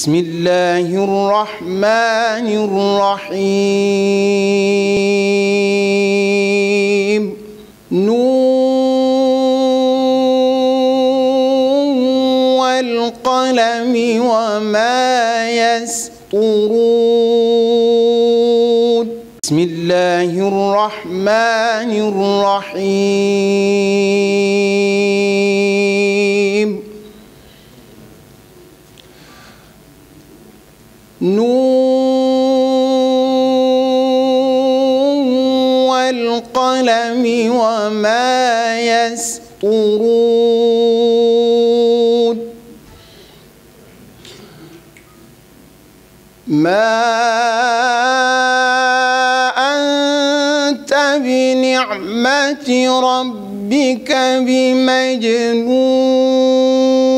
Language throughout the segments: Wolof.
بسم الله الرحمن الرحيم نون والقلم وما يسطرون بسم الله الرحمن الرحيم نور والقلم وما يسطرون ما أنت بنعمة ربك بمجنون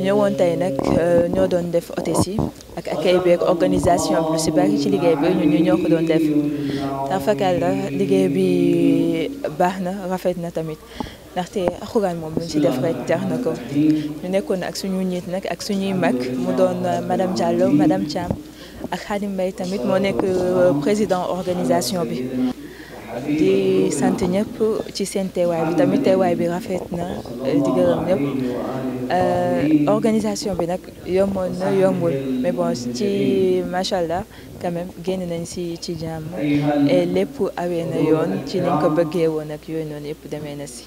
ñëwoon tey nag euh, ñoo doon def hôtesse yi ak accueil bi ak organisation bi si bari ci liggéey bi ñun ñu ñoo ko doon def tarfakal la liggéey bi baax na rafet na tamit ndaxte alxuraan moom lu ci def rek jar na ko ñu nekkoon ak suñu njiit nag ak suñuy mag mu doon euh, madame Diallo madame Thiam ak Khadim mbay tamit moo nekk euh, président organisation bi di sant ñëpp ci seen teewaay bi tamit teewaay bi rafet na di gërëm ñëpp euh, organisation bi nag yomboon na yombul mais bon ci macha allah quand génn nañ si ci jàmm et lépp awee na yoon ci niñ ko bëggee woon ak yooyu noonu yëpp demee na si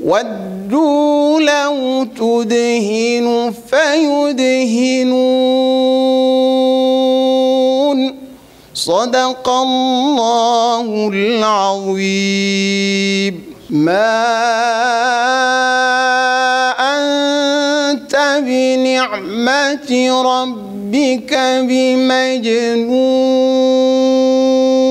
waddu law tudhinu fa yudhinuun sadaqallaahu al-aziim maa anta bi ni'mati rabbika bi majnuun